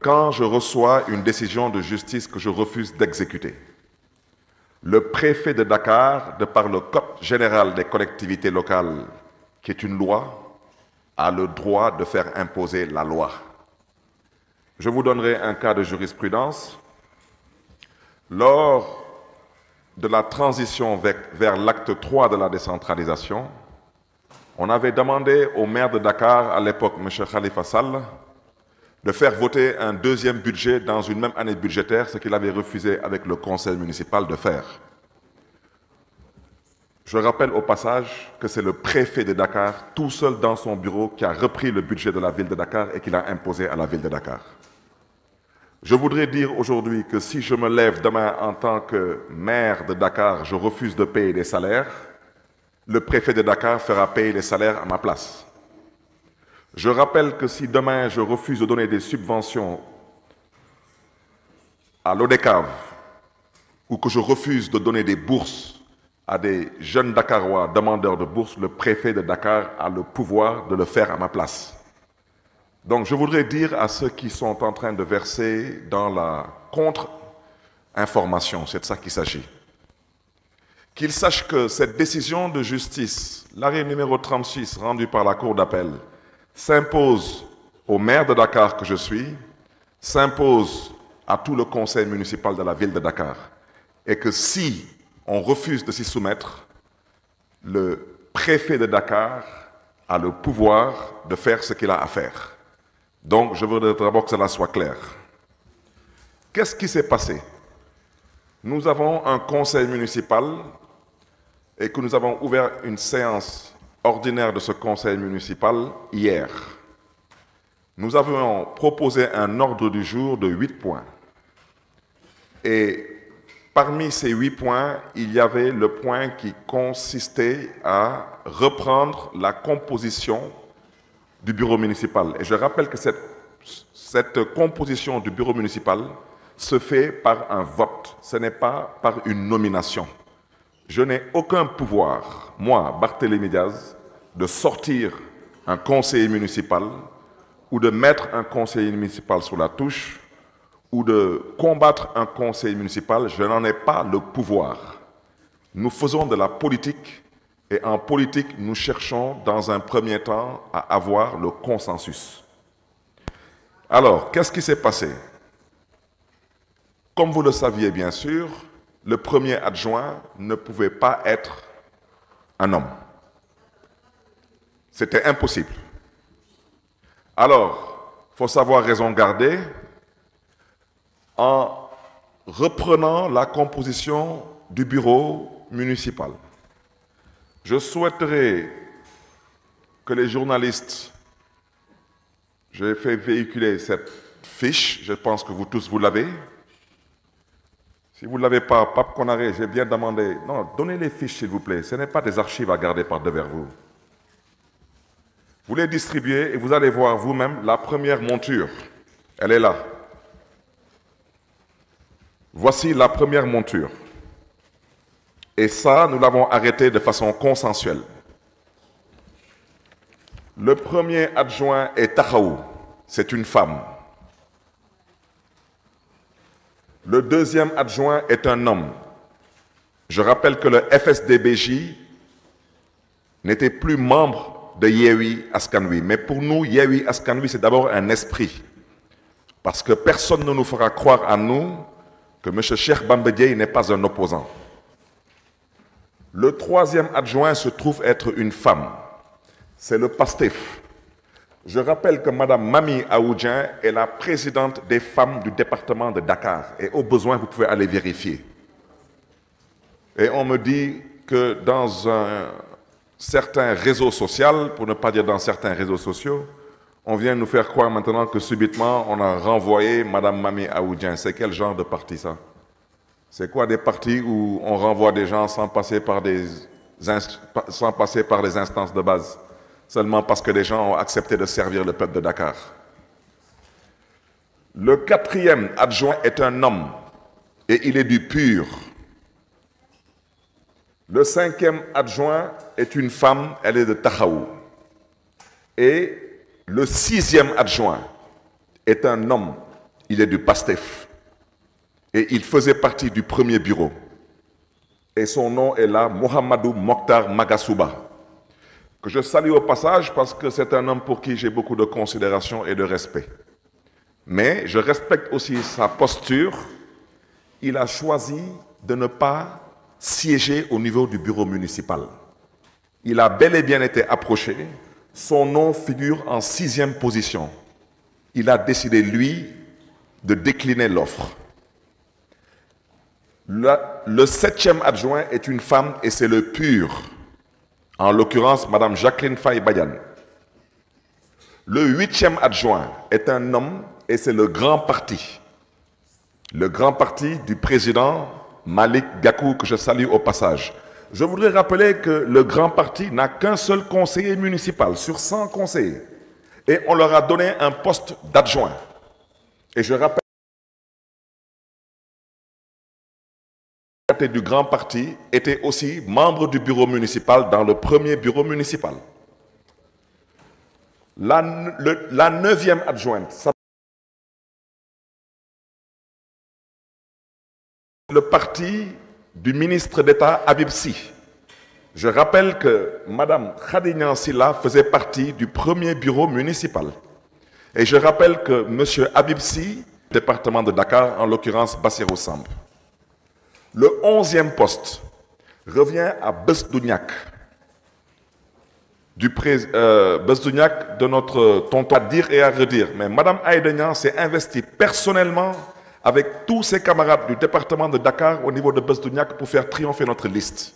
Quand je reçois une décision de justice que je refuse d'exécuter, le préfet de Dakar, de par le Code général des collectivités locales, qui est une loi, a le droit de faire imposer la loi. Je vous donnerai un cas de jurisprudence. Lors de la transition vers, vers l'acte de la décentralisation, On avait demandé au maire de Dakar, à l'époque, M. Khalifa Sall, de faire voter un deuxième budget dans une même année budgétaire, ce qu'il avait refusé avec le conseil municipal de faire. Je rappelle au passage que c'est le préfet de Dakar, tout seul dans son bureau, qui a repris le budget de la ville de Dakar et qui l'a imposé à la ville de Dakar. Je voudrais dire aujourd'hui que si je me lève demain en tant que maire de Dakar, je refuse de payer des salaires, le préfet de Dakar fera payer les salaires à ma place. Je rappelle que si demain je refuse de donner des subventions à l'ODECAV ou que je refuse de donner des bourses à des jeunes Dakarois demandeurs de bourses, le préfet de Dakar a le pouvoir de le faire à ma place. Donc je voudrais dire à ceux qui sont en train de verser dans la contre-information, c'est de ça qu'il s'agit. qu'il sache que cette décision de justice, l'arrêt numéro 36 rendu par la Cour d'appel, s'impose au maire de Dakar que je suis, s'impose à tout le conseil municipal de la ville de Dakar, et que si on refuse de s'y soumettre, le de Dakar de faire ce qu'il à faire. Donc je voudrais d'abord que cela soit clair. quest et que nous avons ouvert une séance ordinaire de ce conseil municipal hier. Nous avions proposé un ordre du jour de huit points. Et parmi ces huit points, il y avait le point qui consistait à reprendre la composition du bureau municipal. Et je rappelle que cette, cette composition du bureau municipal se fait par un vote, ce n'est pas par une nomination. Je n'ai aucun pouvoir, moi, Barthélémy Diaz, de sortir un conseiller municipal ou de mettre un conseil municipal sur la touche ou de combattre un conseiller municipal. Je n'en ai pas le pouvoir. Nous faisons de la politique et en politique, nous cherchons dans un premier temps à avoir le consensus. Alors, qu'est-ce qui s'est passé Comme vous le saviez bien sûr, le premier adjoint ne pouvait pas être un homme. C'était impossible. Alors, il faut savoir raison garder en reprenant la composition du bureau municipal. Je souhaiterais que les journalistes, j'ai fait véhiculer cette fiche, je pense que vous tous vous l'avez, Si vous ne l'avez pas, Pape Conaré, j'ai bien demandé. Non, donnez les fiches, s'il vous plaît. Ce n'est pas des archives à garder par devers vous. Vous les distribuez et vous allez voir vous-même la première monture. Elle est là. Voici la première monture. Et ça, nous l'avons arrêté de façon consensuelle. Le premier adjoint est Tahaou. C'est une femme. Le deuxième adjoint est un homme. Je rappelle que le FSDBJ n'était plus membre de Yewi Askanwi. Mais pour nous, Yewi Askanwi, c'est d'abord un esprit. Parce que personne ne nous fera croire à nous que M. Cheikh Bambedier n'est pas un opposant. Le troisième adjoint se trouve être une femme. C'est le PASTEF, Je rappelle que Madame Mami Aoudjian est la présidente des femmes du département de Dakar. Et au besoin, vous pouvez aller vérifier. Et on me dit que dans un certain réseau social, pour ne pas dire dans certains réseaux sociaux, on vient nous faire croire maintenant que subitement, on a renvoyé Madame Mami Aoudjian. C'est quel genre de parti ça C'est quoi des partis où on renvoie des gens sans passer par des, sans passer par des instances de base seulement parce que les gens ont accepté de servir le peuple de Dakar. Le quatrième adjoint est un homme et il est du pur. Le cinquième adjoint est une femme, elle est de Tahaou. Et le sixième adjoint est un homme, il est du PASTEF. Et il faisait partie du premier bureau. Et son nom est là, Mohamedou Mokhtar Magasouba. que je salue au passage parce que c'est un homme pour qui j'ai beaucoup de considération et de respect. Mais je respecte aussi sa posture. Il a choisi de ne pas siéger au niveau du bureau municipal. Il a bel et bien été approché. Son nom figure en sixième position. Il a décidé, lui, de décliner l'offre. Le, le septième adjoint est une femme et c'est le pur. en l'occurrence Madame Jacqueline Faye Badian. Le huitième adjoint est un homme et c'est le grand parti. Le grand parti du président Malik Gakou, que je salue au passage. Je voudrais rappeler que le grand parti n'a qu'un seul conseiller municipal sur cent conseillers. Et on leur a donné un poste d'adjoint. Et je tête du grand parti était aussi membre du bureau municipal dans le premier bureau municipal. La, le, la neuvième adjointe, le parti du ministre d'État Habib Sy. Je rappelle que Madame Khadignan Silla faisait partie du premier bureau municipal. Et je rappelle que Monsieur Habib Sy, département de Dakar, en l'occurrence Bassirou Samb. Le onzième poste revient à Besdouniak, du pré euh, Besdouniak de notre tonton à dire et à redire. Mais Madame Aïdenian s'est investie personnellement avec tous ses camarades du département de Dakar au niveau de Besdouniak pour faire triompher notre liste.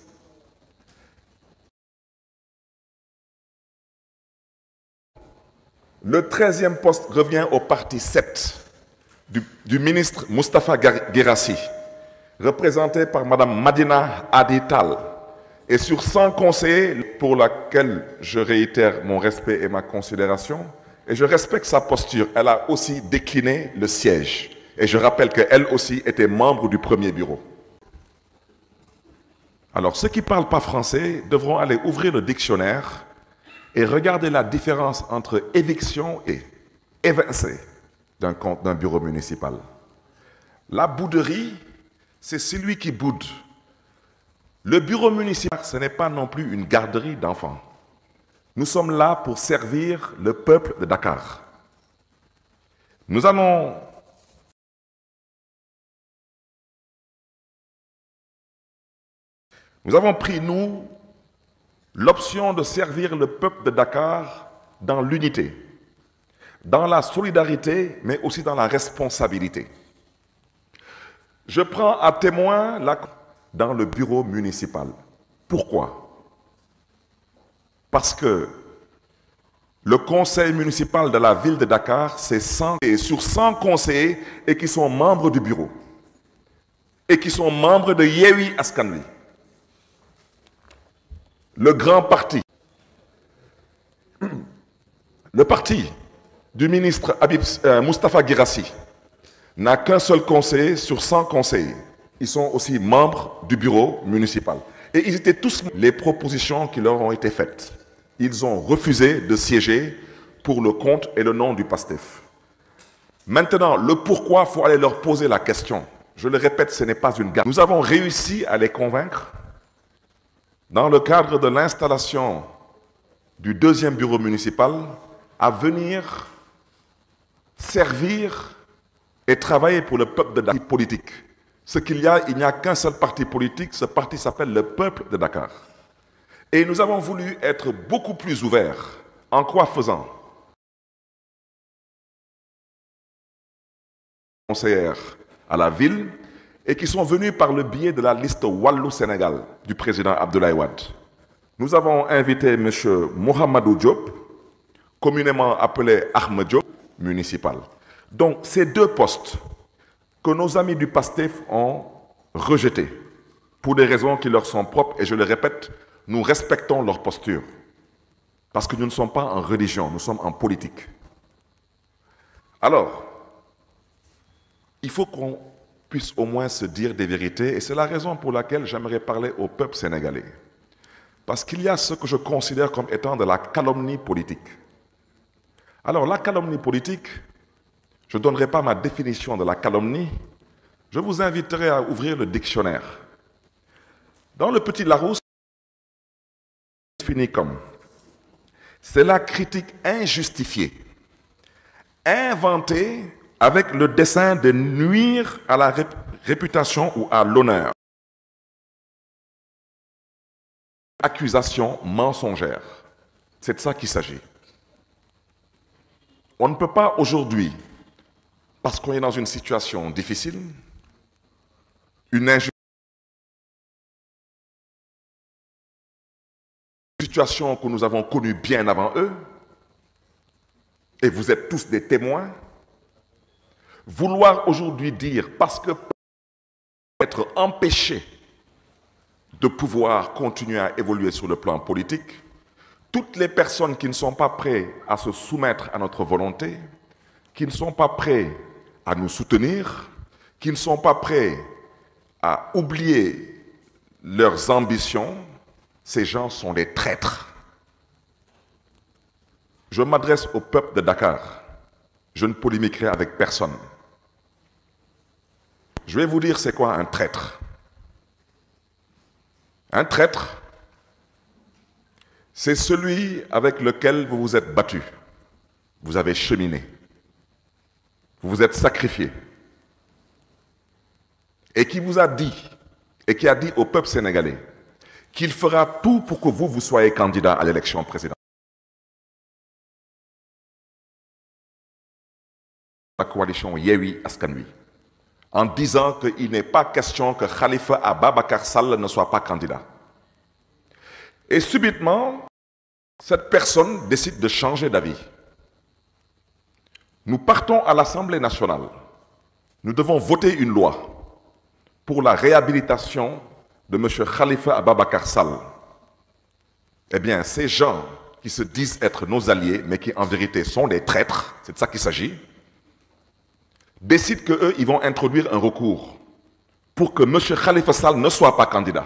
Le 13e poste revient au parti 7 du, du ministre Moustapha Guérassi. représenté par Mme Madina Adital, et sur 100 conseillers pour laquelle je réitère mon respect et ma considération, et je respecte sa posture, elle a aussi décliné le siège. Et je rappelle qu'elle aussi était membre du premier bureau. Alors ceux qui ne parlent pas français devront aller ouvrir le dictionnaire et regarder la différence entre éviction et évincer d'un bureau municipal. La bouderie, c'est celui qui boude. Le bureau municipal, ce n'est pas non plus une garderie d'enfants. Nous sommes là pour servir le peuple de Dakar. Nous avons pris, nous, l'option de servir le peuple de Dakar dans l'unité, dans la solidarité, mais aussi dans la responsabilité. Je prends à témoin la dans le bureau municipal. Pourquoi Parce que le conseil municipal de la ville de Dakar, c'est 100 et sur 100 conseillers et qui sont membres du bureau et qui sont membres de Yewi Askanwi. Le grand parti. Le parti du ministre Habib, euh, Moustapha Girassi n'a qu'un seul conseiller sur 100 conseillers. Ils sont aussi membres du bureau municipal. Et ils étaient tous les propositions qui leur ont été faites. Ils ont refusé de siéger pour le compte et le nom du PASTEF. Maintenant, le pourquoi, il faut aller leur poser la question. Je le répète, ce n'est pas une guerre. Nous avons réussi à les convaincre dans le cadre de l'installation du deuxième bureau municipal à venir servir et travailler pour le peuple de politique. Ce qu'il y a, il n'y a qu'un seul parti politique, ce parti s'appelle le peuple de Dakar. Et nous avons voulu être beaucoup plus ouverts. En quoi faisant conseillères à la ville et qui sont venus par le biais de la liste Wallou-Sénégal du président Abdoulaye Wade. Nous avons invité M. Mohamedou Diop, communément appelé Ahmed Diop, municipal. Donc ces deux postes que nos amis du PASTEF ont rejetés pour des raisons qui leur sont propres, et je le répète, nous respectons leur posture. Parce que nous ne sommes pas en religion, nous sommes en politique. Alors, il faut qu'on puisse au moins se dire des vérités, et c'est la raison pour laquelle j'aimerais parler au peuple sénégalais. Parce qu'il y a ce que je considère comme étant de la calomnie politique. la calomnie politique, je ne donnerai pas ma définition de la calomnie, je vous inviterai à ouvrir le dictionnaire. Dans le petit Larousse, finit comme c'est la critique injustifiée, inventée avec le dessein de nuire à la réputation ou à l'honneur. Accusation mensongère. C'est de ça qu'il s'agit. On ne peut pas aujourd'hui parce qu'on est dans une situation difficile, une injustice, une que nous avons connue bien avant eux, et vous êtes tous des témoins, vouloir aujourd'hui dire parce que être empêché de pouvoir continuer à évoluer sur le plan politique, toutes les personnes qui ne sont pas prêtes à se soumettre à notre volonté, qui ne sont pas prêtes à nous soutenir, qui ne sont pas prêts à oublier leurs ambitions, ces gens sont des traîtres. Je m'adresse au peuple de Dakar. Je ne polémiquerai avec personne. Je vais vous dire c'est quoi un traître. Un traître, c'est celui avec lequel vous vous êtes battu. Vous avez cheminé. vous vous êtes sacrifié, et qui vous a dit, et qui a dit au peuple sénégalais, qu'il fera tout pour que vous, vous soyez candidat à l'élection présidentielle. La coalition Yewi Askanui, en disant qu'il n'est pas question que Khalifa Ababakar Sall ne soit pas candidat. Et subitement, cette personne décide de changer d'avis. Nous partons à l'Assemblée nationale. Nous devons voter une loi pour la réhabilitation de M. Khalifa Ababakar Sall. Eh bien, ces gens qui se disent être nos alliés, mais qui en vérité sont des traîtres, c'est de ça qu'il s'agit, décident qu'eux, ils vont introduire un recours pour que M. Khalifa Sall ne soit pas candidat.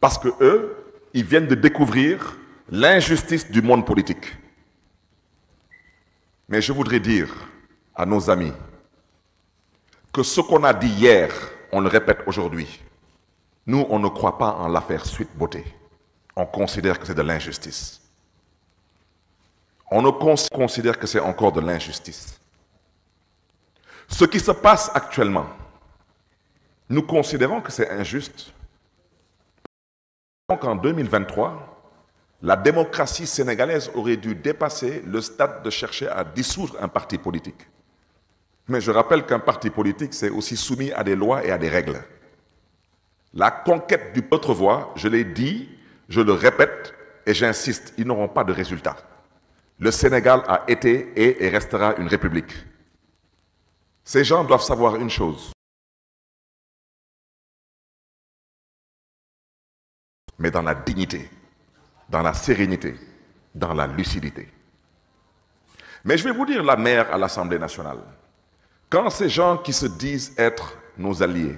Parce que eux, ils viennent de découvrir l'injustice du monde politique. Mais je voudrais dire à nos amis que ce qu'on a on le répète aujourd'hui. Nous, on ne croit pas en de l'injustice. On ne considère que c'est encore de l'injustice. Ce qui se passe actuellement, nous considérons que c'est injuste. Donc La démocratie sénégalaise aurait dû dépasser le stade de chercher à dissoudre un parti politique. Mais je rappelle qu'un parti politique, c'est aussi soumis à des lois et à des règles. La conquête du votre voix, je l'ai dit, je le répète et j'insiste, ils n'auront pas de résultat. Le Sénégal a été et, et restera une république. Ces gens doivent savoir une chose. dans la dignité. dans la sérénité, dans la lucidité. Mais je vais vous dire la mère à l'Assemblée nationale. Quand ces gens qui se disent être nos alliés,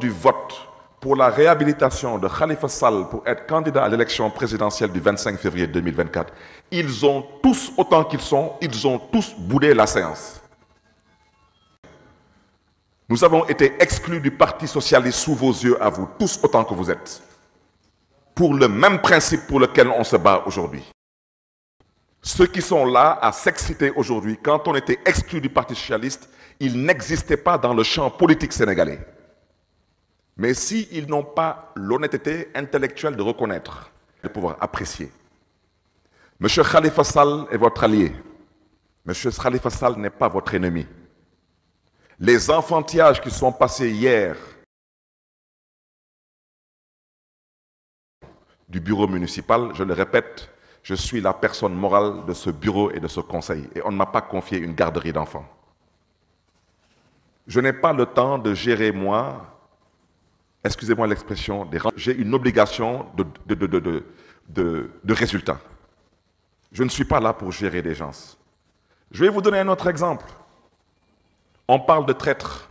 du vote pour la réhabilitation de Khalifa Sall pour être candidat à l'élection présidentielle du 25 février 2024, ils ont tous, autant qu'ils sont, ils ont tous boudé la séance. Nous avons été exclus du Parti socialiste sous vos yeux, à vous tous autant que vous êtes, pour le même principe pour lequel on se bat aujourd'hui. Ceux qui sont là à s'exciter aujourd'hui, quand on était exclus du Parti socialiste, ils n'existaient pas dans le champ politique sénégalais. Mais s'ils si n'ont pas l'honnêteté intellectuelle de reconnaître, de pouvoir apprécier, Monsieur Khalifa est votre allié. Monsieur Khalifa n'est pas votre ennemi. Les enfantillages qui sont passés hier du bureau municipal, je le répète, je suis la personne morale de ce bureau et de ce conseil. Et on ne m'a pas confié une garderie d'enfants. Je n'ai pas le temps de gérer, moi, excusez l'expression, des... j'ai une obligation de, de, de, de, résultat. Je ne suis pas là pour gérer des gens. Je vais vous donner un autre exemple. on parle de traître.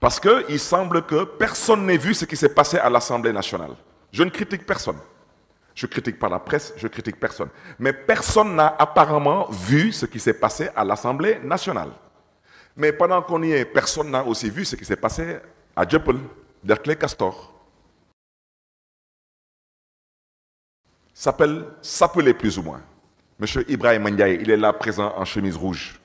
Parce qu'il semble que personne n'ait vu ce qui s'est passé à l'Assemblée nationale. Je ne critique personne. Je critique pas la presse, je critique personne. Mais personne n'a apparemment vu ce qui s'est passé à l'Assemblée nationale. Mais pendant qu'on y est, personne n'a aussi vu ce qui s'est passé à Dieppel, Derkley Castor. S'appelle, s'appelait plus ou moins. Monsieur Ibrahim Ndiaye, il est là présent en chemise rouge.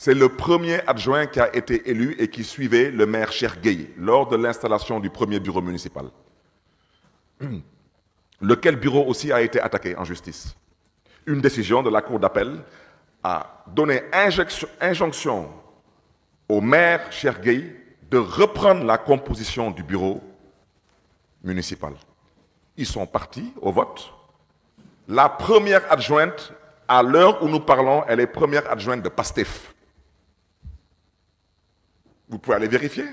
C'est le premier adjoint qui a été élu et qui suivait le maire Cher Gueye lors de l'installation du premier bureau municipal. Lequel bureau aussi a été attaqué en justice. Une décision de la Cour d'appel à donné injonction au maire Cher Gueye de reprendre la composition du bureau municipal. Ils sont partis au vote. La première adjointe, à l'heure où nous parlons, elle est première adjointe de PASTEF. vous pouvez aller vérifier.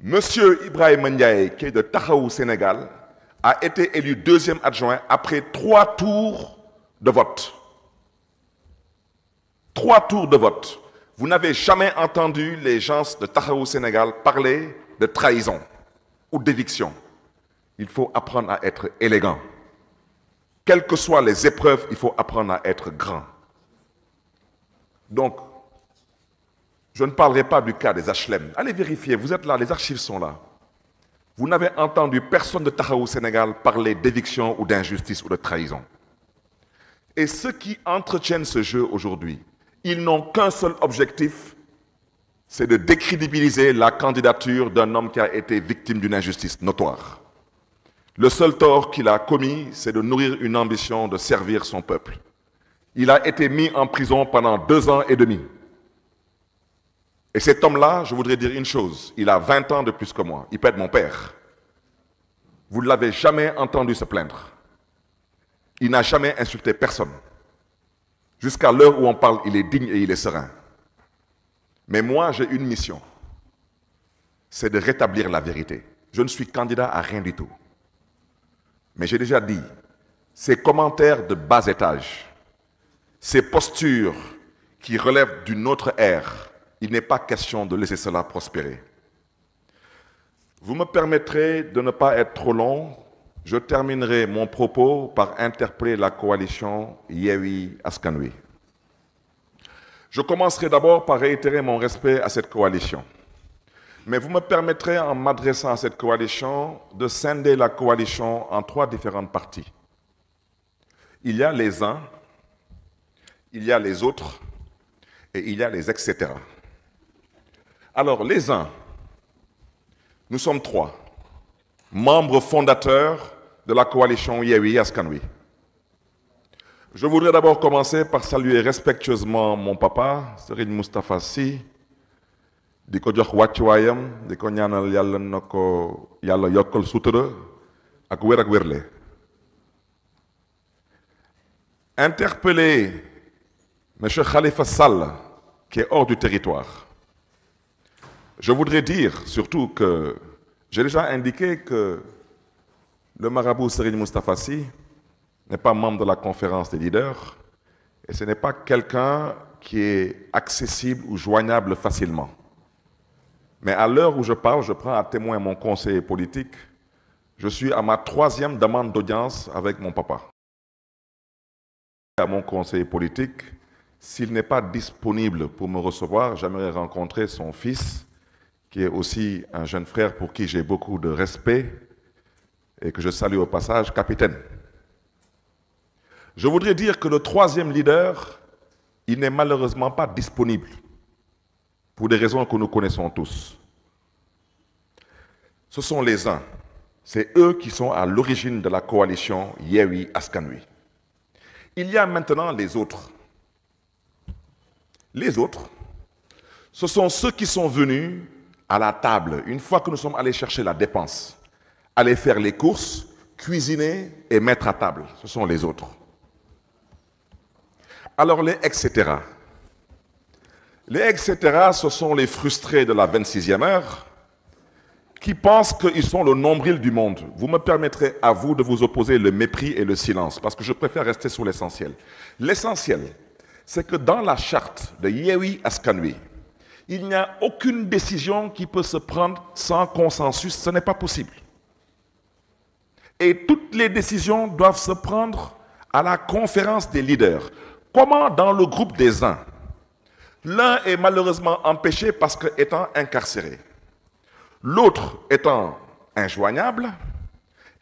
Monsieur Ibrahim Ndiaye, qui de Tahaou, Sénégal, a été élu deuxième adjoint après trois tours de vote. Trois tours de vote. Vous n'avez jamais entendu les gens de Tahaou, Sénégal, parler de trahison ou d'éviction. Il faut apprendre à être élégant. Quelles que soient les épreuves, il faut apprendre à être grand. Je ne parlerai pas du cas des HLM. Allez vérifier, vous êtes là, les archives sont là. Vous n'avez entendu personne de Tahaou Sénégal parler d'éviction ou d'injustice ou de trahison. Et ceux qui entretiennent ce jeu aujourd'hui, ils n'ont qu'un seul objectif, c'est de décrédibiliser la candidature d'un homme qui a été victime d'une injustice notoire. Le seul tort qu'il a commis, c'est de nourrir une ambition de servir son peuple. Il a été mis en prison pendant deux ans et Et cet homme-là, je voudrais dire une chose, il a 20 ans de plus que moi, il pète mon père. Vous ne l'avez jamais entendu se plaindre. Il n'a jamais insulté personne. Jusqu'à l'heure où on parle, il est digne et il est serein. Mais moi, j'ai une mission. C'est de rétablir la vérité. Je ne suis candidat à rien du tout. Mais j'ai déjà dit, ces commentaires de bas étage, ces postures qui relèvent d'une autre ère, il n'est pas question de laisser cela prospérer. Vous me permettrez de ne pas être trop long. Je terminerai mon propos par interpeller la coalition Yewi Askanui. Je commencerai d'abord par réitérer mon respect à cette coalition. Mais vous me permettrez, en m'adressant à cette coalition, de scinder la coalition en trois différentes parties. Il y a les uns, il y a les autres et il y etc. Alors, les uns, nous sommes trois, membres fondateurs de la coalition Yewi Askanwi. Je voudrais d'abord commencer par saluer respectueusement mon papa, Serigne Moustapha si di ko jox wàccuwaayam di ko ñaanal yàlla na ko yàlla yokkal sutura ak wér ak wérle interpeller monsieur Khalifa Sall qui est hors du territoire Je voudrais dire surtout que j'ai déjà indiqué que le marabout Serigne Moustapha Sy n'est pas membre de la conférence des leaders et ce n'est pas quelqu'un qui est accessible ou joignable facilement. Mais à l'heure où je parle, je prends à témoin mon conseiller politique. Je suis à ma troisième demande d'audience avec mon papa. À mon conseiller politique, s'il n'est pas disponible pour me recevoir, j'aimerais rencontrer son fils qui est aussi un jeune frère pour qui j'ai beaucoup de respect et que je salue au passage, capitaine. Je voudrais dire que le troisième leader, il n'est malheureusement pas disponible pour des raisons que nous connaissons tous. Ce sont les uns, c'est eux qui sont à l'origine de la coalition Yewi Askanui. Il y a maintenant les autres. Les autres, ce sont ceux qui sont venus à la table, une fois que nous sommes allés la dépense, aller faire les courses, cuisiner et mettre table, ce sont les autres. Alors les etc. Les etc. ce sont les frustrés de la 26e heure qui pensent qu'ils sont le nombril du monde. Vous me permettrez à vous de vous opposer le mépris et le parce que je préfère rester sur l'essentiel. L'essentiel, que dans la charte de Yewi Askanui, il n'y a aucune décision qui peut se prendre sans consensus. Ce n'est pas possible. Et toutes les décisions doivent se prendre à la conférence des leaders. Comment dans le groupe des uns L'un est malheureusement empêché parce qu'étant incarcéré, l'autre étant injoignable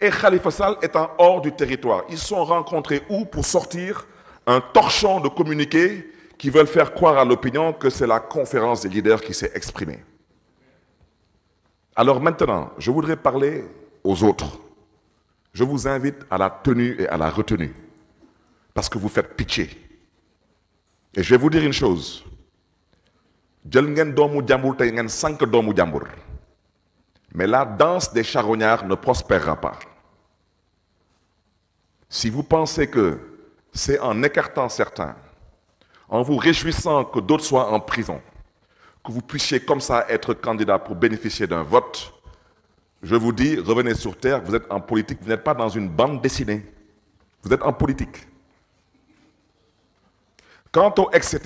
et Khalifa Sall étant hors du territoire. Ils sont rencontrés où pour sortir un torchon de communiqué qui veulent faire croire à l'opinion que c'est la conférence des leaders qui s'est exprimée. Alors maintenant, je voudrais parler aux autres. Je vous invite à la tenue et à la retenue, parce que vous faites pitié. Et je vais vous dire une chose. Mais la danse des charognards ne prospérera pas. Si vous pensez que c'est en écartant certains en vous réjouissant que d'autres soient en prison, que vous puissiez comme ça être candidat pour bénéficier d'un vote, je vous dis, revenez sur terre, vous êtes en politique, vous n'êtes pas dans une bande dessinée, vous êtes en politique. Quant au etc.,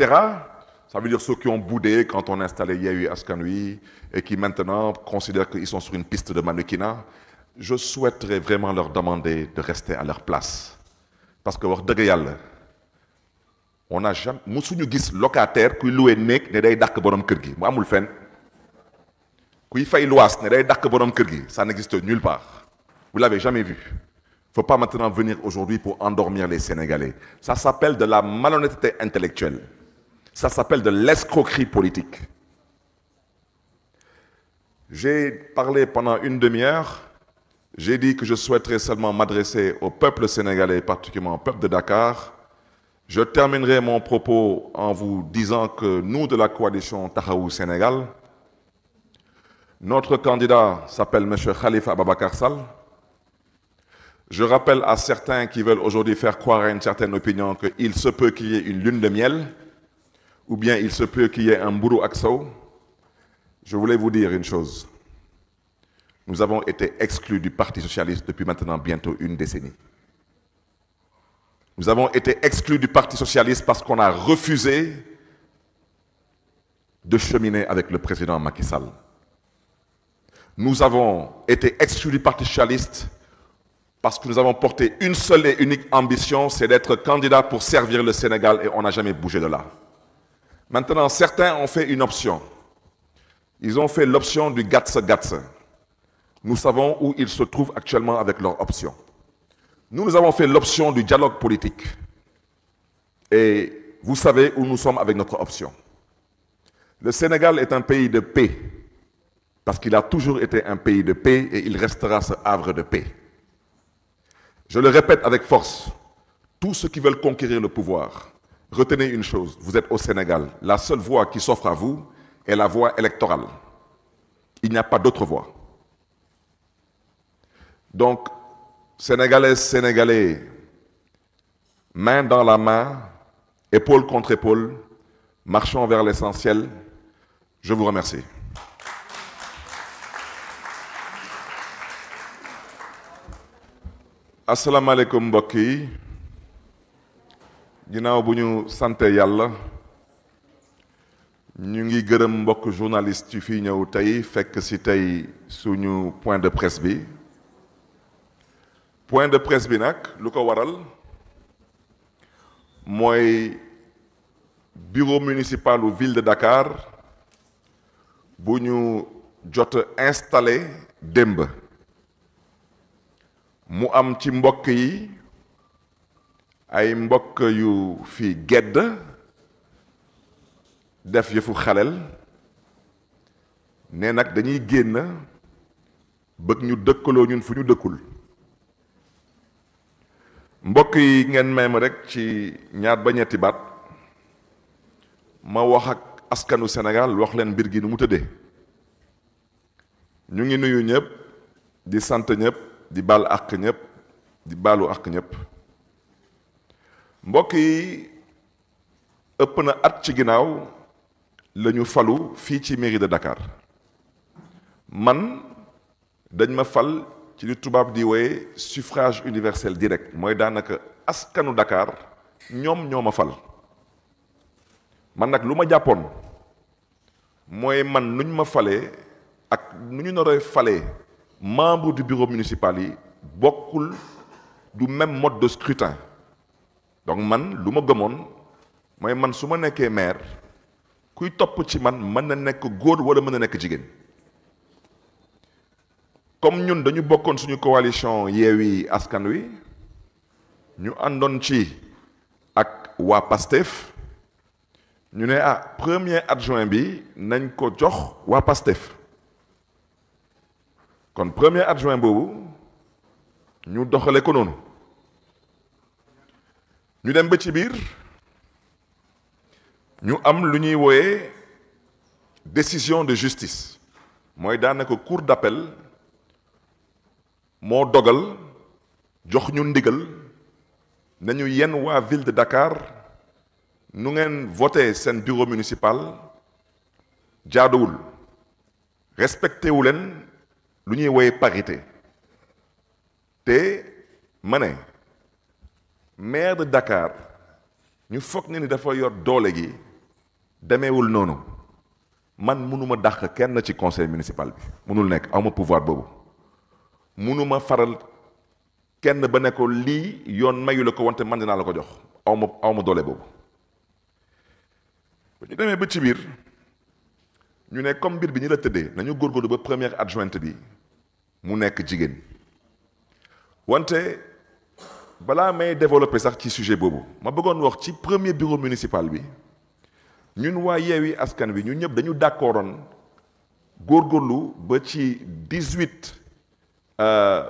ça veut dire ceux qui ont boudé quand on installait Yehu Askanui et qui maintenant considèrent qu'ils sont sur une piste de mannequinat, je souhaiterais vraiment leur demander de rester à leur place. Parce que, on a jamais musuñu gis locataire kuy loué néeg ne day dàq borom kër gi mu amul fenn kuy fay luwaas ne day borom kër gi ça n'existe nulle part vous l'avez jamais vu faut pas maintenant venir aujourd'hui pour endormir les Sénégalais ça s'appelle de la malhonnêteté intellectuelle ça s'appelle de l'escroquerie politique j'ai parlé pendant une demi-heure j'ai dit que je souhaiterais seulement m'adresser au peuple sénégalais particulièrement au peuple de Dakar Je terminerai mon propos en vous disant que nous, de la coalition Tahaou Sénégal, notre candidat s'appelle M. Khalifa Ababakar Sall. Je rappelle à certains qui veulent aujourd'hui faire croire à une certaine opinion qu'il se peut qu'il y ait une lune de miel, ou bien il se peut qu'il y ait un bourreau axao. Je voulais vous dire une chose. Nous avons été exclus du Parti socialiste depuis maintenant bientôt une décennie. Nous avons été exclus du Parti socialiste parce qu'on a refusé de cheminer avec le président Macky Sall. Nous avons été exclus du Parti socialiste parce que nous avons porté une seule et unique ambition, c'est d'être candidat pour servir le Sénégal et on n'a jamais bougé de là. Maintenant, certains ont fait une option. Ils ont fait l'option du GATS-GATS. Nous savons où ils se trouvent actuellement avec leur option. Nous, nous avons fait l'option du dialogue politique. Et vous savez où nous sommes avec notre option. Le Sénégal est un pays de paix, parce qu'il a toujours été un pays de paix et il restera ce havre de paix. Je le répète avec force, tous ceux qui veulent conquérir le pouvoir, retenez une chose, vous êtes au Sénégal. La seule voie qui s'offre à vous est la voie électorale. Il n'y a pas d'autre voie. Sénégalaises, Sénégalais, main dans la main, épaule contre épaule, marchons vers l'essentiel. Je vous remercie. asalaamaaleykum mbokk yi ginnaaw bu ñu sante yàlla ñu ngi gërëm mbokk journaliste yi fii ñëw tey fekk si tey suñu point de presse bi point de presse bi nag lu ko waral mooy bureau municipal ou ville de Dakar bu ñu jot installé démb mu am ci mbokk yi ay mbokk yu fi gedd def yëfu xalel ne nag dañuy génn bëgg ñu dëkkaloo ñun fu ñu dëkkul mbokk yi ngeen may ma rek ci ñaar ba ñetti baat ma wax ak askanu senegal wax leen mbir gi nu mu tëddee ñu ngi nuyu ñëpp di sant ñëpp di baal àq ñépp di baalu àq ñépp mbokk yi ëpp na at ci ginnaaw lañu falu fii ci mairie de Dakar man dañ ma fal ci li tubaab di wooye suffrage universel direct mooy daanaka askanu Dakar ñoom ñoo ma fal man nag lu ma jàppoon mooy man nuñ ma falee ak nu ñu naree falee membre du bureau municipal yi bokkul du même mode de scrutin donc man lu ma gëmoon mooy man su ma nekkee maire kuy topp ci man mën na nekk góor wala mën na nekk jigéen comme ñun dañu bokkoon suñu coalition Yewwi Askan Wi ñu àndoon ci ak waa PASTEF ñu ne ah premier adjoint bi nañ ko jox waa PASTEF kon premier adjoint boobu ñu doxale ko noonu ñu dem ba ci biir ñu am lu ñuy wooye décision de justice mooy daanaka cour d'appel moo dogal jox ñu ndigal nañu yenn waa ville de Dakar nu ngeen voté seen bureau municipal jaaduwul respecté wu leen lu ñuy woye parité te ma ne maire de Dakar ñu foog ne ni dafa yor doole gi demeewul noonu man mënuma dàq kenn ci conseil municipal bi mënul nekk awma pouvoir boobu munuma faral kenn ba ne ko lii yoon mayu la ko wante man dinaa la ko jox aw ma aw ma doole boobu bu ñu demee ba ci biir ñu ne comme mbir bi ñu la tëddee nañu góorgóorlu ba première adjointe bi mu nekk jigéen wante balaa may développer sax ci sujet boobu ma bëggoon wax ci premier bureau municipal bi ñun waa Yewwi Askan Wi ñu ñëpp dañu d'accordoon góorgóorlu ba ci dix Euh,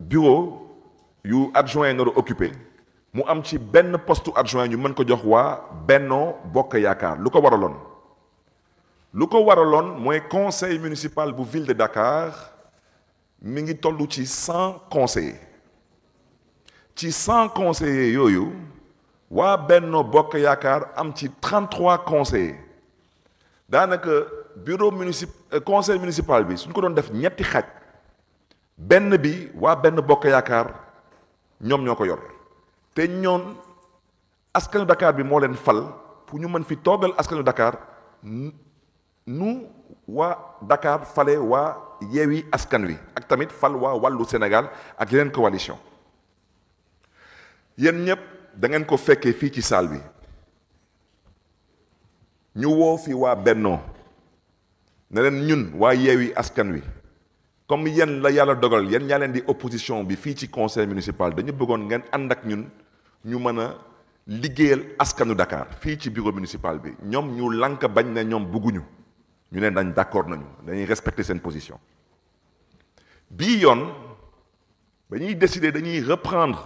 bureau yu adjoint yi nar a mu am ci benn poste adjoint ñu mën ko jox waa Benno Bokk Yaakaar lu ko war waraloon lu ko war waraloon mooy conseil municipal bu ville de Dakar mi ngi toll ci cent conseillers ci cent conseillers yooyu waa Benno Bokk Yaakaar am ci trente-trois conseillers daanaka bureau municipal euh, conseil municipal bi suñ ko doon def ñetti xaj. benn bi waa benn bokk yaakaar ñoom ñoo ko yor te ñoon askanu Dakar bi moo leen fal pour ñu mën fi toogal askanu Dakar nu waa Dakar fale waa yeewi askan wi ak tamit fal waa wàllu senegal ak yeneen coalition yéen ñëpp dangeen ko fekkee fii ci saal bi ñu woo fi waa bennoo ne leen ñun waa yeewi askan wi comme yéen la yàlla dogal yéen ñaa leen di opposition bi fii ci conseil municipal dañu bëggoon ngeen ànd ak ñun ñu mën a liggéeyal askanu Dakar fii ci bureau municipal bi ñoom ñu lànk bañ ne ñoom bëgguñu ñu ne dañ d'accord nañu dañuy respecter seen position bii yoon dañuy ñuy décider dañuy reprendre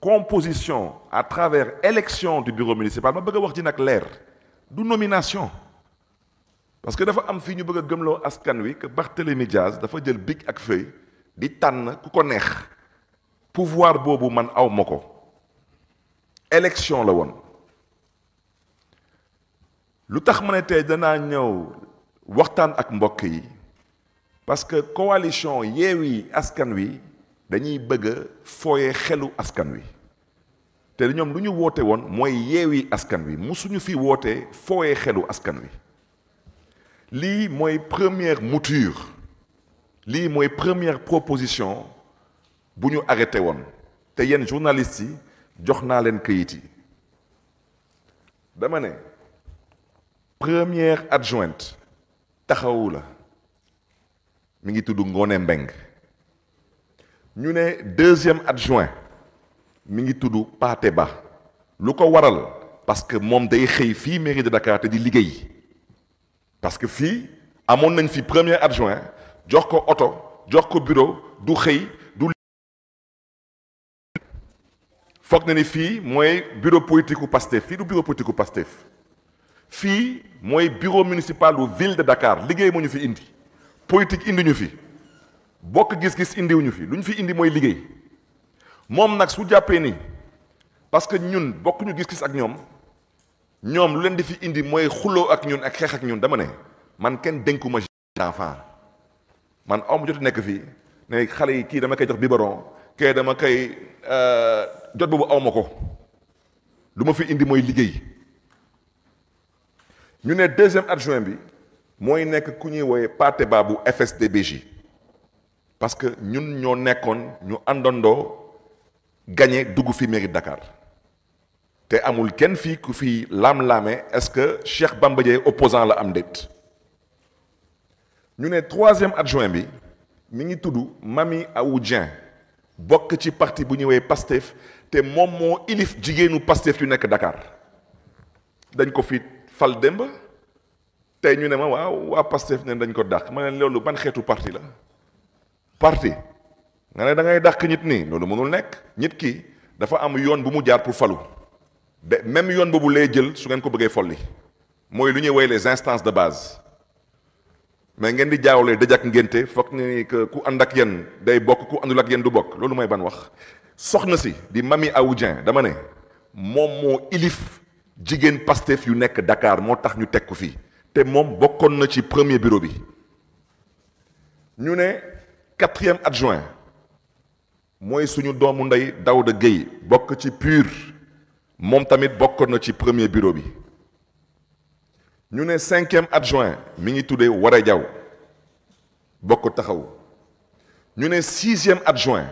composition à travers élection du bureau municipal ma bëgg wax ji nag leer du nomination parce que dafa am fii ñu bëgg a gëmloo askan wi que Barthélemy Diaz dafa jël big ak feuille di tànn ku ko neex pouvoir boobu man aw ma ko élection la woon lu tax ma ne tey danaa ñëw waxtaan ak mbokk yi parce que coalition Yewwi Askan Wi dañuy bëgg a fooye xelu askan wi te ñoom lu ñu woote woon mooy Yewwi Askan Wi musuñu fi woote fooye xelu askan wi lii mooy première mouture lii mooy première proposition bu ñu arrêté woon te yenn journaliste yi jox naa leen këyit yi dama ne première adjointe taxawu la mu ngi tudd Ngoné Mbeng ñu ne deuxième adjoint mi ngi tudd Paté Ba lu ko waral parce que moom day xëy fii mairie de Dakar te di liggéey parce que fii amoon nañu fi premier adjoint jox ko oto jox ko bureau du xëy du foog na ni fii mooy bureau politique u Pastef fii du bureau politique u Pastef fii mooy bureau municipal u ville de Dakar liggéey moo fi indi politique indi ñu fi bokk gis-gis indiwuñu fi lu ñu fi indi mooy liggéey moom nag su jàppee ni parce que ñun bokkuñu gis-gis ak ñoom ñoom lu leen di fi indi mooy xuloo ak ñun ak xeex ak ñun dama ne man kenn dénkuma enfant man aw ma jot nekk fii ne xale yi kii dama koy jox biberon kee dama kay euh, jot boobu awma ko lu ma fi indi mooy liggéey ñu ne deuxième adjoint bi mooy nekk ku ñuy wooye Paté Ba bu FSDBJ parce que ñun ñoo nekkoon ñu àndandoo gagné dugg fi mairie Dakar te amul kenn fii ku fi laam-laame est-ce que Cheikh Bamba Dièye opposant la am déet ñu ne troisième adjoint bi mi ngi tudd Mami Awu Dieng bokk ci parti bu ñuy ñëwee Pastef te moom moo ilif jigéenu Pastef yu nekk Dakar dañ ko fi fal démb tey ñu ne ma waaw waa Pastef ne dañ ko dàq ma ne loolu ban xeetu parti la parti nga ne dangay ngay dàq nit nii loolu mënul nekk nit ki dafa am yoon bu mu jaar pour falu de même yoon boobu lay jël su ngeen ko bëggee folli mooy lu ñuy woy les instances de base mais ngeen di jaawlee dëj ak ngénte foog ni que ku ànd ak yéen day bokk ku àndul ak yéen du bokk loolu mooy ban wax soxna si di Mami Aw Dieng dama ne moom moo ilif jigéen Pastef yu nekk dakaar moo tax ñu teg ko fii te moom bokkoon na ci premier bureau bi ñu ne quatrième adjoint mooy suñu doomu ndey Daouda Gueye bokk ci PUR moom tamit bokkoon na ci premier bureau bi ñu ne cinquième adjoint mi ngi tuddee Wara Diaw bokk taxaw ñu ne sixième adjoint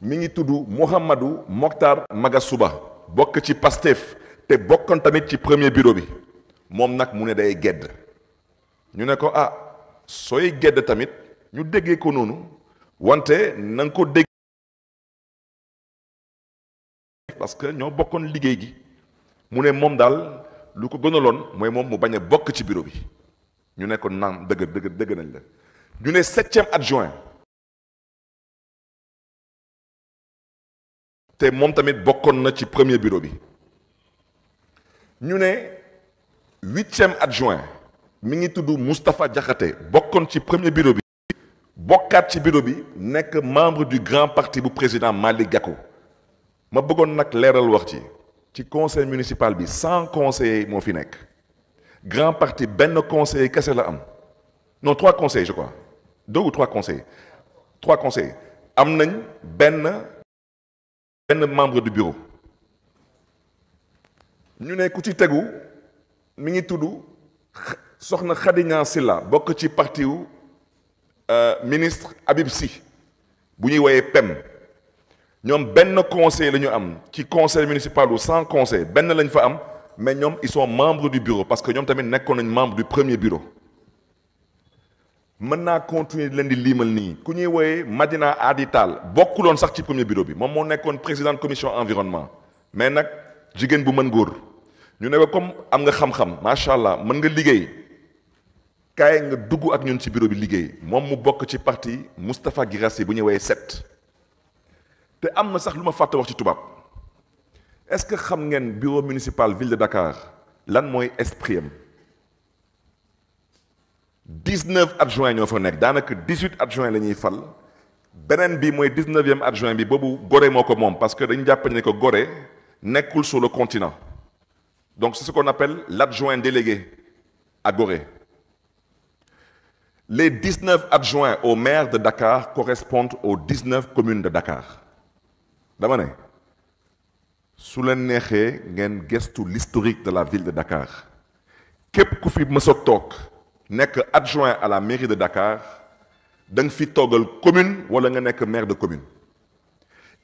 mi ngi tudd Mouhamadou Mokhtar Magasuba bokk ci Pastef te bokkoon tamit ci premier bureau bi moom nag mu ne day gedd ñu ne ko ah sooy gedd tamit ñu déggee ko noonu wante na ko dégg parce que ñoo bokkoon liggéey gi mu ne moom daal lu ko gënaloon mooy moom mu bañ a bokk ci bureau bi ñu ne ko naam dëgg nañ la ñu ne septième adjoint te moom tamit bokkoon na ci premier biro bi ñu ne huitième adjoint mi ngi tudd Moustapha Diakhaté bokkoon ci premier biro bi bokkaat ci bureau bi nekk membre du grand parti bu président Malick Gakou ma bëggoon nag leeral wax ci ci conseil municipal bi cent conseillers moo fi nekk grand parti benn conseil kese la am non trois conseillers je crois deux trois conseillers trois conseillers am nañ benn benn membre du bureau ñu ne ku ci tegu mi ngi tudd soxna Khady Niang Silla bokk ci parti wu euh, ministre Habib Sy bu ñuy woyee PEM ñoom benn conseil la ñu am ci conseil municipal ou sans conseil benn lañ fa am mais ñoom ils sont membres du bureau parce que ñoom tamit nekkoon nañ membre du premier bureau mën naa continuer leen di liimal nii ku ñuy wooyee Madina Adi Tall bokkuloon sax ci premier bureau bi moom moo nekkoon président commission environnement mais nag jigéen bu mën góor ñu ne ko comme am nga xam-xam macha allah mën nga liggéey kaay nga dugg ak ñun ci bureau bi liggéey moom mu bokk ci parti Moustapha Guirassi bu ñuy wooyee set te am na sax lu ma fàtte wax ci tubaab est-ce que xam ngeen bureau municipal ville de Dakar lan mooy esprit am 19 adjoints ñoo fa nekk daanaka 18 adjoints la ñuy fal beneen bi mooy 19e adjoint bi boobu gore moo ko moom parce que dañu jàpp ne ko gore nekkul sur le continent donc c'est ce qu'on de l'adjoint délégué à Gorée les 19 adjoints au maire de Dakar correspondent aux 19 communes de Dakar dama ne su leen neexee ngeen gestu l'historique de la ville de Dakar képp ku fi mës toog nekk adjoint à la mairie de Dakar da fi toogal commune wala nga nekk maire de commune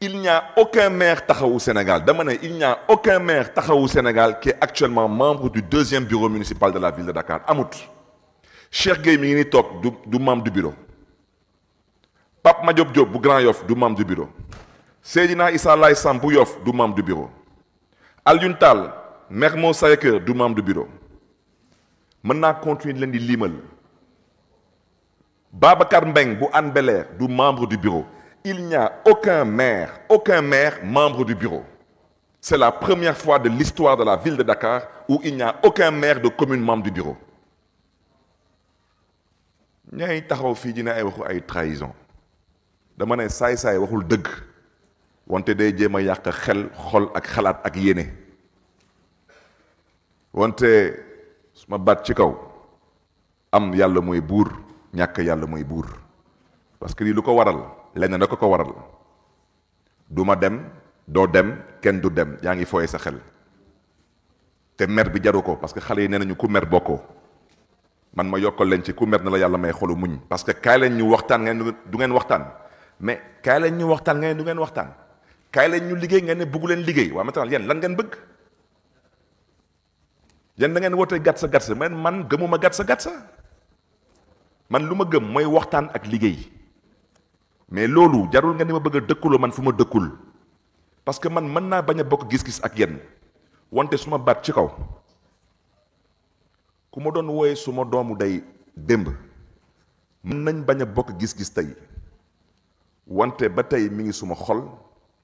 il n'y a aucun maire taxawu Sénégal dama ne il n'y a aucun maire taxawu Sénégal qui est actuellement membre du deuxième bureau municipal de la ville de Dakar amut Cheikh Gueye mi ngi ni toog du du maam du bureau Pape Madiop Diop bu Grand Yoff du maam du bureau Seydina Issa Laye Samb bu Yoff du membre du bureau Alioune Tall Mermoz du membre du bureau mën naa continuer leen di limal Babacar Mbeng bu Hann bel du membre du bureau il n'y a aucun maire aucun maire membre du bureau c'est la première fois de l'histoire de la ville de Dakar où il n'y a aucun maire de commune membre du bureau ñay taxaw fii dina ay waxu ay trahison dama ne saay-saay waxul dëgg wante day jéem a yàq xel xol ak xalaat ak yéene wante suma baat ci kaw am yàlla mooy buur ñàkk yàlla mooy buur parce que lii lu ko waral lenn da ko ko waral du ma dem doo dem kenn du dem yaa ngi fooye sa xel te mer bi jaru ko parce que xale yi nee nañu ku mer bokkoo man ma yokkal leen ci ku mer na la yàlla may xolu muñ parce que kaay leen ñu waxtaan ngeen du ngeen waxtaan mais kaay leen ñu waxtaan ngeen du ngeen waxtaan kaay leen ñu liggéey ngeen ne bëggu leen liggéey waaw maintenant yéen lan ngeen bëgg yéen da ngeen woote gatsa gatsa man man gëmuma gatsa gatsa man lu ma gëm mooy waxtaan ak liggéey mais loolu jarul ngeen di ma bëgg a dëkkuloo man fu ma dëkkul parce que man mën naa bañ a bokk gis-gis ak yenn wante su ma baat ci kaw ku ma doon wooye su ma doomu day démb mën nañ bañ a bokk gis-gis tey wante ba tey mi ngi suma xol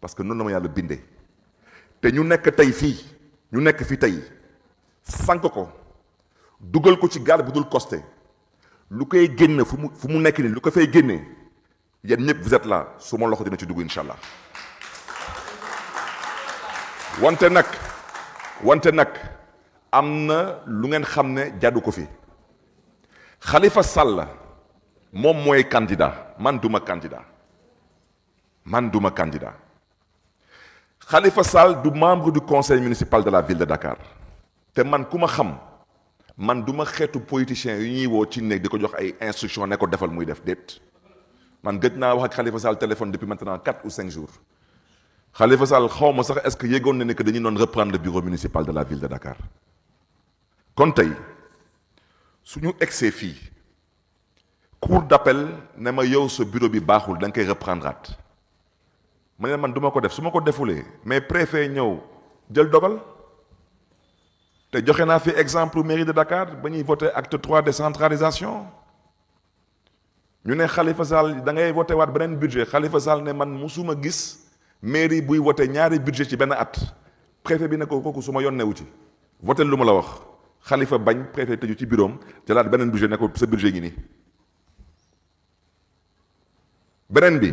parce que noonu la ma yàlla bindee te ñu nekk tey fii ñu nekk fi tey sànq ko dugal ko ci gaal bu dul costé lu koy génn fu mu fu mu nekk nii lu ko fay génnee yéen ñëpp vous êtes su ma loxo dina ci duggu incha allah wante nag wante nag am na lu ngeen xam ne jàddu ko fi Khalifa Sall moom mooy candidat man duma candidat man duma candidat xalifa Sall du membre du conseil municipal de la ville de Dakar te man ku ma xam man du ma xeetu politicien yi ñuy woo ci nekk di ko jox ay instruction ne defal muy def déet man gëj naa wax ak Khalifa Sall téléphone depuis maintenant quatre ou cinq jours Khalifa Sall xaw ma sax est-ce que yégoon na ne que dañuy doon reprendre le bureau municipal de la ville de Dakar kon tey suñu egsee fii cour d'appel ne ma yow sa bureau bi baaxul da nga koy reprendre at ma ne man duma ko def su ma ko defulee mais préfet ñëw jël dogal te joxe naa fi exemple mairie de Dakar ba ñuy voté acte 3 décentralisation ñu ne Khalifa Sall da ngay voté waat beneen budget xalifa Sall ne man musuma gis mairie buy vote ñaari budget ci benn at préfet bi ne ko kooku su ma yonnewu ci voté lu ma la wax xalifa bañ préfet tëju ci biroom am beneen budget ne ko sa budget ngi nii beneen bi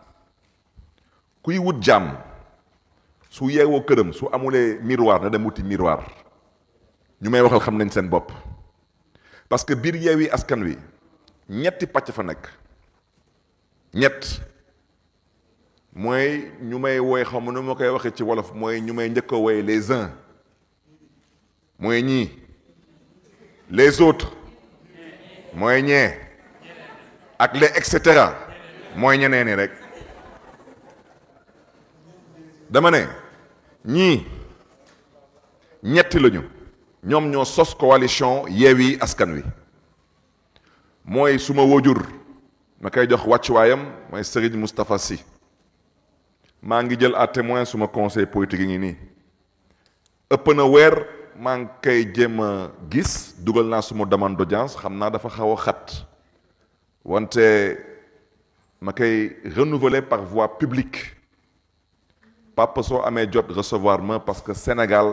kuy wut jàmm su yeewoo këram su amulee miroir na dem wuti miroir ñu may waxal xam nañ seen bopp parce que biir Yewwi Askan Wi ñetti pàcc fa nekk ñett mooy ñu may woy xam nu moo koy waxee ci wolof mooy ñu may njëkk a woy les uns mooy ñii les autres mooy ñee ak les et cetera mooy ñeneen ñi rek dama ne ñii ñetti lañu ñoom ñoo sos coalition Yewwi Askan Wi mooy suma wójur ma koy jox wàccuwaayam mooy Serigne Moustapha Sy maa ngi jël à témoin suma conseil politique yi ngi nii ëpp na weer maa ngi kay jéem a gis dugal naa suma demande d'audience xam naa dafa xaw a xat wante ma koy renouveler par voie publique papa soo amee jot recevoir ma parce que Sénégal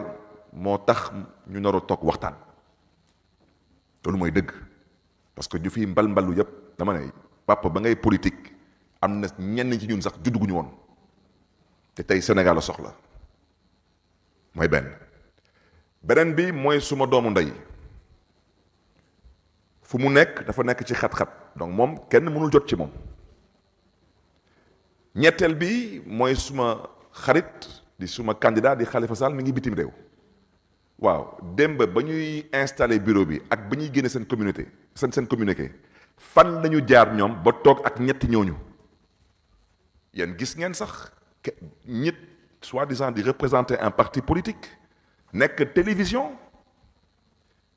moo tax ñu nar a toog waxtaan loolu mooy dëgg parce que ñu fi mbal mbalu yépp dama ne papa ba ngay politique am na ñenn ci ñun sax juddu gu ñu woon te tey Sénégal soxla mooy benn beneen bi mooy suma doomu ndey fu mu nekk dafa nekk ci xat-xat donc moom kenn mënul jot ci moom ñetteel bi mooy suma xarit di suma candidat di xalifa Sall mi ngi bitim réew waaw démb ba ñuy installé bureau bi ak ba ñuy génne seen communauté seen seen communiqué fan lañu jaar ñoom ba toog ak ñetti ñooñu yéen gis ngeen sax ñit soit disant di représenter un parti politique nekk télévision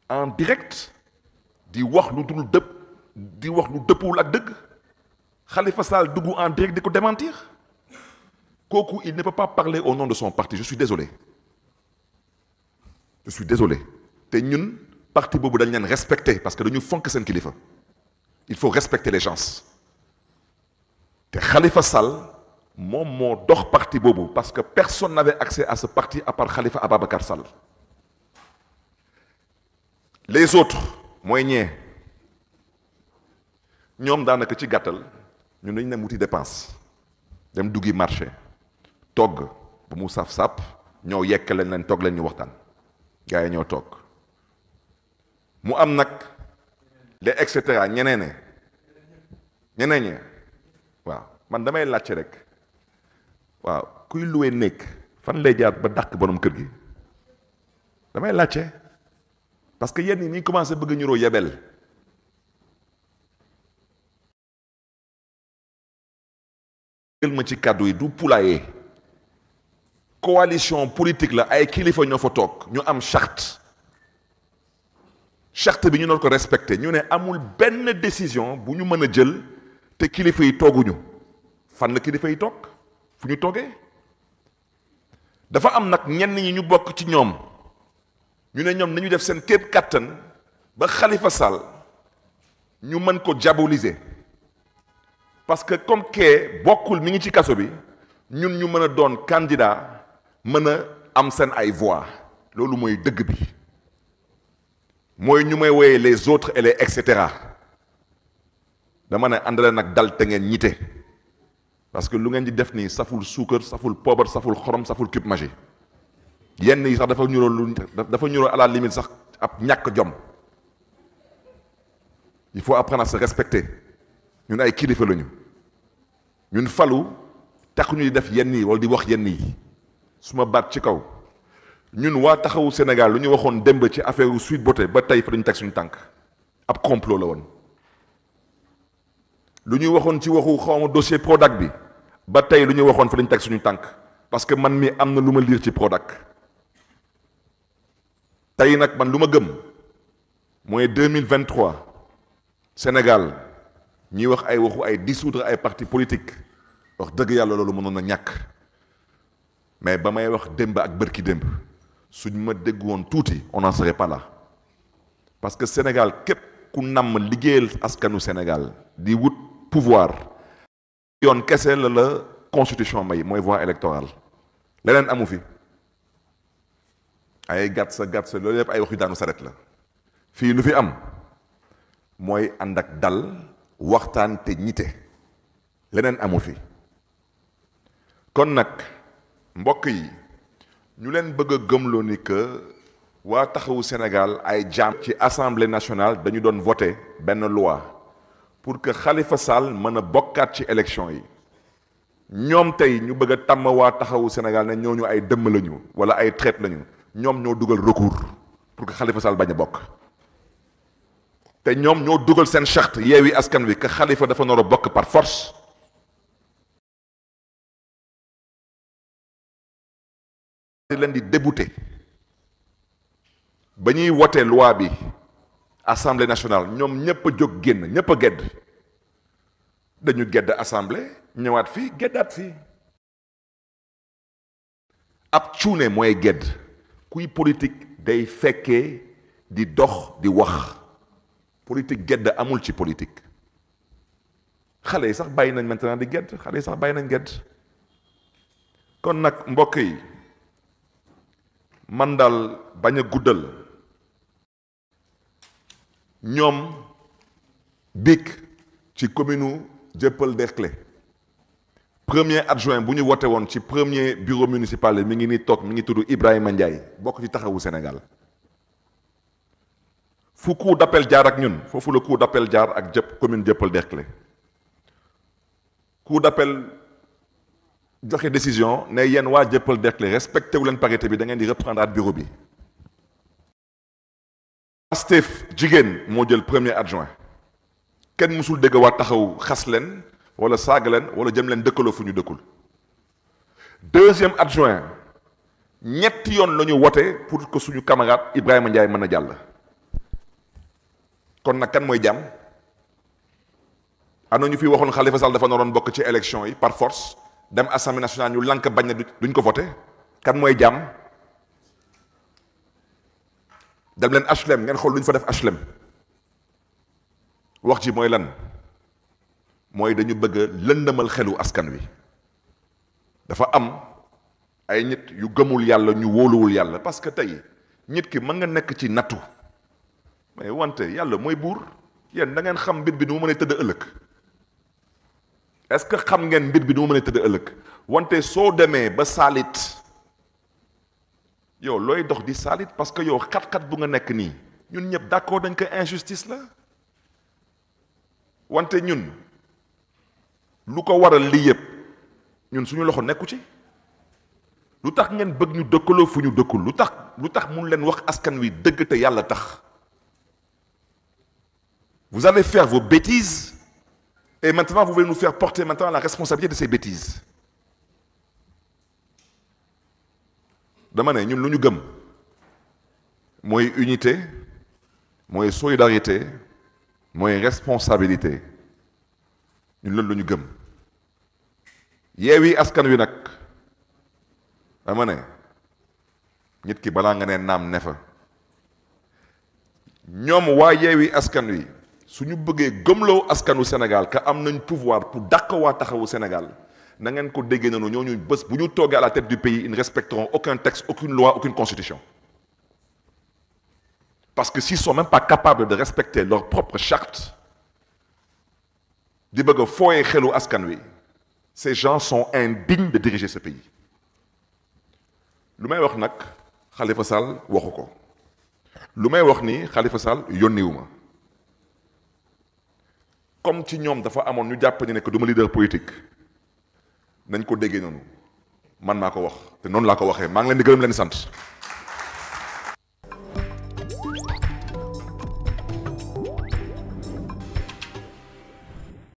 en direct di wax lu dul dëpp di wax lu dëppul ak dëgg Khalifa Sall dugg en direct di ko démentir kooku il ne peut pas parler au nom de son parti je suis désolé je suis désolé te ñun parti boobu dañ leen respecter parce que dañu fonk seen kilifa il faut respecter les gens te Khalifa Sall moom moo dox parti boobu parce que personne n'avait accès à ce parti à part Khalifa Ababacar Sall les autres mooy ñee ñoom daanaka ci gàttal ñun dañu dem wuti dépense dem duggi marché togg ba mu saf-sàpp ñëw yekk lañ leen toog leen ñu waxtaan gars yi ñoo toog mu am nag les et cetera ñeneen ñeneen ñe waaw man damay laajte rek waaw kuy luwee nekk fan lay jaar ba dàq borom kër gi damay laajte parce que yenn yi ñu commencé bëgg ñuroo yebel jël ci kàddu yi du pulaayee coalition politique la ay kilifa ñoo fa toog ñu am charte charte bi ñu doon ko respecté ñu ne amul benn décision bu ñu mën a jël te kilifa yi tooguñu fan la kilifa yi toog fu ñu toogee dafa am nag ñenn ñi ñu bokk ci ñoom ñu ne ñoom nañu def seen képp kàttan ba xalifa Sall ñu mën ko diaboliser parce que comme kee bokkul mi ngi ci kaso bi ñun ñu mën a doon candidat mën a am seen ay voix loolu mooy dëgg bi mooy ñu may woyee les autres et les cetera dama ne ànd leen nag dal te ngeen ñite parce que lu ngeen di def nii saful suukar saful poobar saful xorom saful cube magie yenn yi sax dafa ñuroo lu dafa ñuroo à la limite sax ab ñàkk jom il faut apprendre à se respecter ñun ay kilifa lañu ñun falu tax ñu di def yenn yi wala di wax yenn yi suma baat ci kaw ñun waa taxawu Sénégal lu ñu waxoon démb ci affaire Sweet Beauté ba tey fa ñu teg suñu tànk ab complot la woon lu ñu waxoon ci waxu xawma dossier Prodac bi ba tey lu ñu waxoon fa dañu teg suñu tànk parce que man mi am na lu ma liir ci Prodac tey nag man lu ma gëm mooy 2023 Sénégal ñuy wax ay waxu ay dissoudre ay partie politique wax dëgg yàlla loolu mënoon na ñàkk mais ba may wax démb ak bërki démb suñ ma dégg woon tuuti on n'en serait pas là parce que Sénégal képp ku namm liggéeyal askanu Sénégal di wut pouvoir yoon kese la la constitution may mooy voie électorale leneen amu fi ay gàtt sa gàtt sa loolu yëpp ay wax yu daanu saret la fii lu fi am mooy ànd ak dal waxtaan te ñite leneen amu fi kon nag mbokk yi ñu leen bëgg a gëmloo ni que waa taxawu Sénégal ay jaam ci assemblée nationale dañu doon voté benn loi pour que xalifa Sall mën a bokkaat ci élection yi ñoom tey ñu bëgg a tàmm waa taxawu Sénégal ne ñooñu ay dëmm lañu wala ay traite lañu ñoom ñoo dugal recours pour que Khalifa Sall bañ a bokk te ñoom ñoo dugal seen charte Yewwi Askan Wi que xalifa dafa nar bokk par force. di leen di débouté ba ñuy wotee loi bi assemblée nationale ñoom ñëpp jóg génn ñëpp gedd dañu gedd assemblée ñëwaat fii geddaat fii ab cuune mooy gedd kuy politik day fekkee di dox di wax politique gedd amul ci politik xale yi sax bàyyi nañ maintenant di gedd xale yi sax bàyyi nañ gedd kon nag mbokk yi man daal bañ a guddal ñoom biig ci commune u Dieuppeul-Derklé premier adjoint bu ñu wote woon ci premier bureau municipal yi mi ngi nii toog mi ngi tudd Ibrahima Ndiaye bokk ci taxawu senegal fu coup d'appel jaar ak ñun foofu la coup d'appel jaar ak jëp commune jëppal derklé coup joxe décision ne yéen waa Dieuppeul Derklé respecté wu leen parité bi da ngeen di reprendre at bureau bi. Pastef jigéen moo jël premier adjoint kenn mësul dégg waa taxaw xas leen wala saaga leen wala jëm leen dëkkaloo fu ñu dëkkul. deuxième join ñetti yoon la ñu wote pour que suñu camarade Ibrahima Ndiaye mën a jàll. kon nag kan mooy jàmm. am na ñu fi waxoon Khalifa Sall dafa naroon bokk ci élection yi par force. dem assemblée nationale ñu lank bañ na duñ ko voté kan mooy jàmm dem leen HLM ngeen xool lu fa def HLM wax ji mooy lan mooy dañu bëgg a lëndëmal xelu askan wi dafa am ay nit yu gëmul yàlla ñu wóoluwul yàlla parce que tey nit ki mën nga nekk ci nattu mais wante yàlla mooy buur yéen da ngeen xam mbir bi nu mu mën a tëdd ëllëg est-ce que xam ngeen mbir bi nu mu mën a tëdd ëllëg wante soo demee ba saalit yow looy dox di saalit parce que yow xat-xat bu nga nekk nii ñun ñëpp d'accord dañ ko injustice la wante ñun lu ko waral lii yëpp ñun suñu loxo nekku ci lu tax ngeen bëgg ñu dëkkaloo fu ñu dëkkul lu tax lu tax mu mun leen wax askan wi dëgg te yàlla tax vous allez faire vos bêtises Et maintenant, vous voulez nous faire porter maintenant la responsabilité de ces bêtises. dama ne ñun lu ñu gëm mooy unité mooy solidarité mooy responsabilité ñun loolu lu ñu gëm Yewwi Askan Wi nag dama ne nit ki balaa nga ne naam ne fa ñoom waa Yewwi Askan Wi su ñu bëggee gëmloo askanu Sénégal ka am nañ pouvoir pour dàq waa taxawu Sénégal na ngeen ko déggee noonu ñooñu bës bu ñu toogee à la tête du pays ils ne respecteront aucun texte aucune loi aucune constitution parce que s'ils sont même pas capables de respecter leur propre charte di bëgg a fooyee xelu askan wi ces gens sont indignes de diriger ce pays lu may wax nag Khalifa Sall waxu ko lu may wax ni Khalifa Sall yónniwu ma comme ci ñoom dafa amoon ñu jàpp ne que du ma leader politique nañ ko déggee noonu man maa ko wax te noonu laa ko waxee maa ngi leen di gërëm leen sant